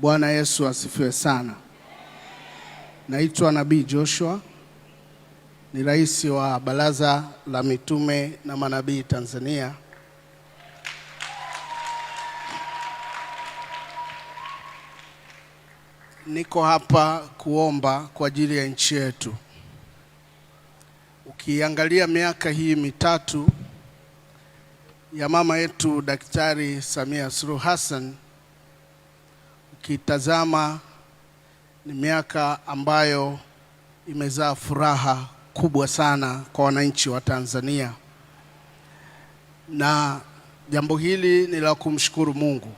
Bwana Yesu asifiwe sana. Naitwa Nabii Joshua, ni rais wa Baraza la Mitume na Manabii Tanzania. Niko hapa kuomba kwa ajili ya nchi yetu. Ukiangalia miaka hii mitatu ya mama yetu Daktari Samia Suluhu Hassan Ukitazama ni miaka ambayo imezaa furaha kubwa sana kwa wananchi wa Tanzania, na jambo hili ni la kumshukuru Mungu.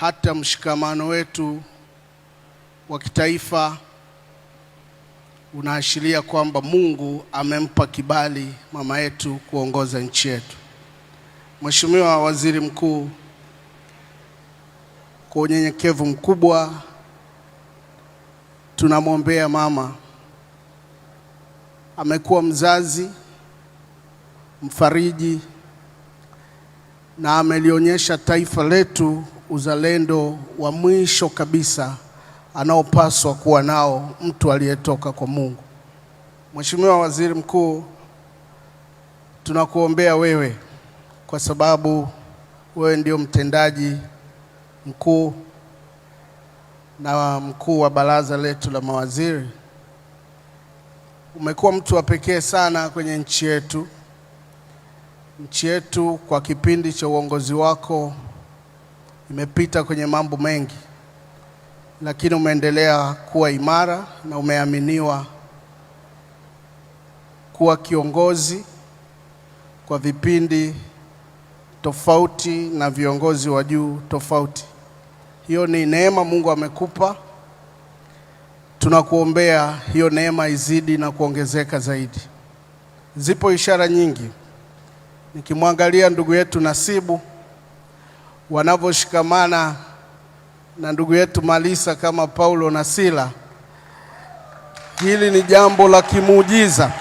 Hata mshikamano wetu wa kitaifa unaashiria kwamba Mungu amempa kibali mama yetu kuongoza nchi yetu. Mheshimiwa Waziri Mkuu kwa unyenyekevu mkubwa tunamwombea mama. Amekuwa mzazi mfariji, na amelionyesha taifa letu uzalendo wa mwisho kabisa anaopaswa kuwa nao mtu aliyetoka kwa Mungu. Mheshimiwa Waziri Mkuu, tunakuombea wewe kwa sababu wewe ndio mtendaji mkuu na mkuu wa baraza letu la mawaziri, umekuwa mtu wa pekee sana kwenye nchi yetu. Nchi yetu kwa kipindi cha uongozi wako imepita kwenye mambo mengi, lakini umeendelea kuwa imara na umeaminiwa kuwa kiongozi kwa vipindi tofauti na viongozi wa juu tofauti hiyo ni neema Mungu amekupa. Tunakuombea hiyo neema izidi na kuongezeka zaidi. Zipo ishara nyingi, nikimwangalia ndugu yetu Nasibu wanavyoshikamana na ndugu yetu Malisa kama Paulo na Sila, hili ni jambo la kimuujiza,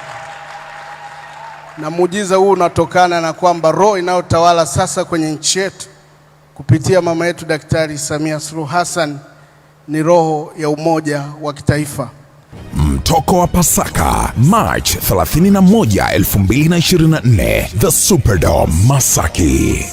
na muujiza huu unatokana na kwamba roho inayotawala sasa kwenye nchi yetu kupitia mama yetu Daktari Samia Suluhu Hassan ni roho ya umoja wa kitaifa. Mtoko wa Pasaka March 31, 2024, The Superdome Masaki.